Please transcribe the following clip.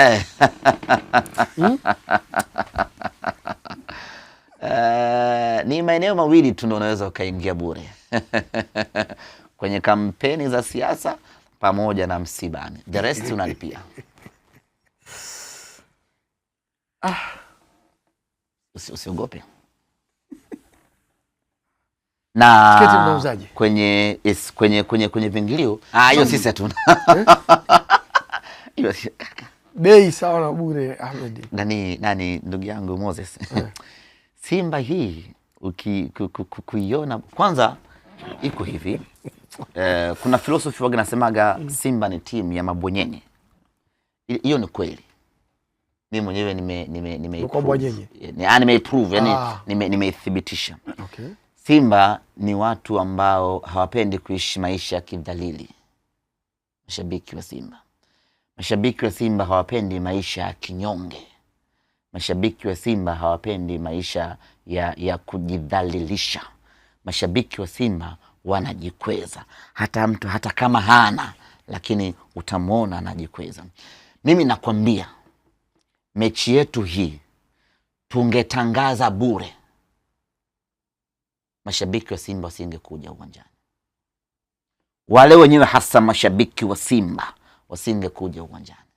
Eh, ni maeneo mawili tu ndo unaweza ukaingia bure kwenye kampeni za siasa pamoja na msibani, the rest unalipia. Ah, usiogope na kwenye, is, kwenye kwenye kwenye vingilio ah, hiyo sisi hatuna bei sawa na bure Ahmed. Nani nani ndugu yangu Moses yeah. Simba hii kuiona kwanza iko hivi eh, kuna filosofi waga nasemaga Simba ni timu ya mabwenyenye. Hiyo ni kweli, mimi mwenyewe prove yani ah. nimeithibitisha. Okay. Simba ni watu ambao hawapendi kuishi maisha ya kidhalili, mashabiki wa Simba Mashabiki wa Simba hawapendi maisha ya kinyonge. Mashabiki wa Simba hawapendi maisha ya, ya kujidhalilisha. Mashabiki wa Simba wanajikweza, hata mtu hata kama hana lakini utamwona anajikweza. Mimi nakwambia mechi yetu hii tungetangaza bure, mashabiki wa Simba wasingekuja uwanjani. Wale wenyewe hasa mashabiki wa Simba wasingekuja uwanjani.